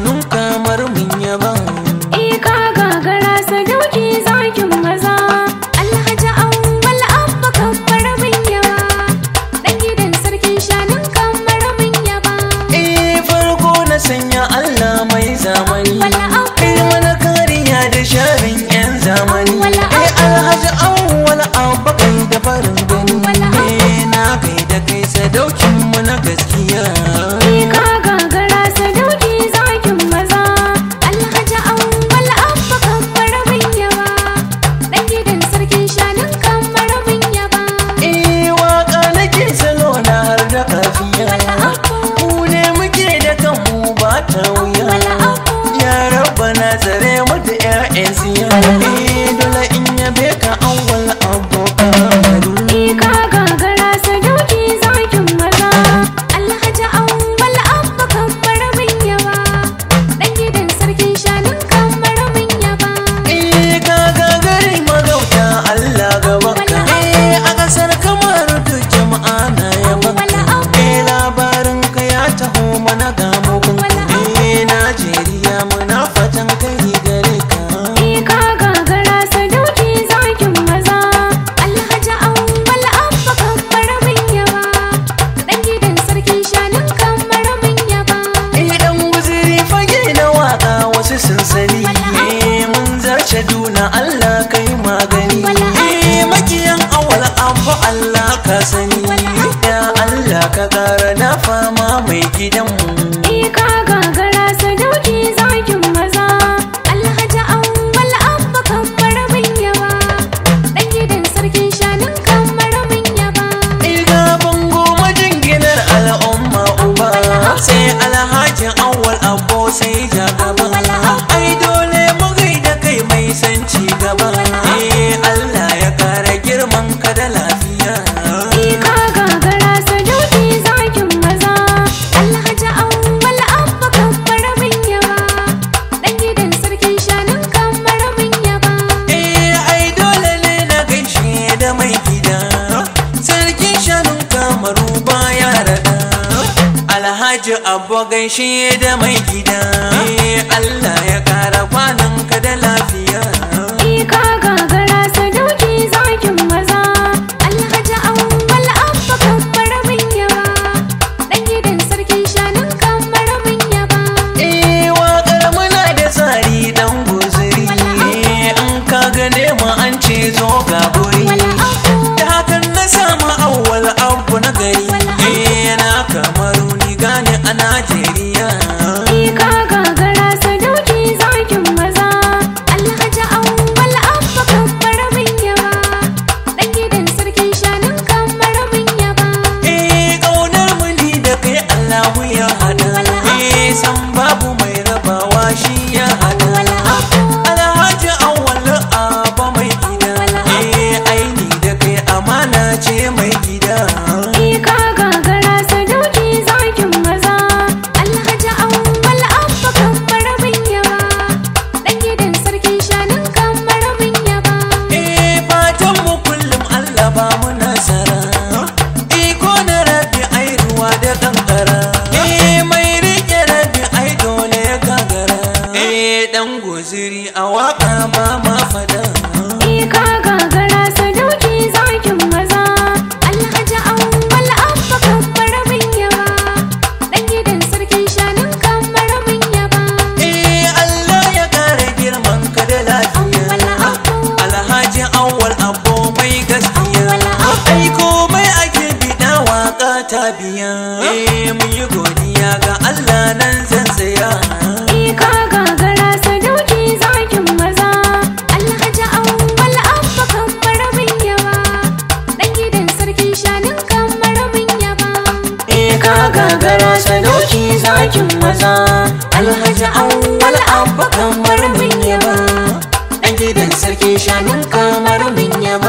nunca, sani da Allah ka ƙara na fama mai gidanmu. Ika eh, ga da mai gida sarkin shanun kamaru baya rada alhaji abu gaishe da mai gida eh, Allah ya kara kwanan yan guziri a waƙa ba ma fada ika gagara sadauki zakin maza alhaji awwal abba kamar bin yaba dan gidan sarkin shanun kamar bin yaba eh Allah ya kare girman ka da lafiya alhaji awwal abbo mai gaskiya ai komai ake bida waka ta biya ya gagara sadauki zakin maza alhaji awwal abba kamar mun yaba ɗan gidan sarki shanun kamar mun yaba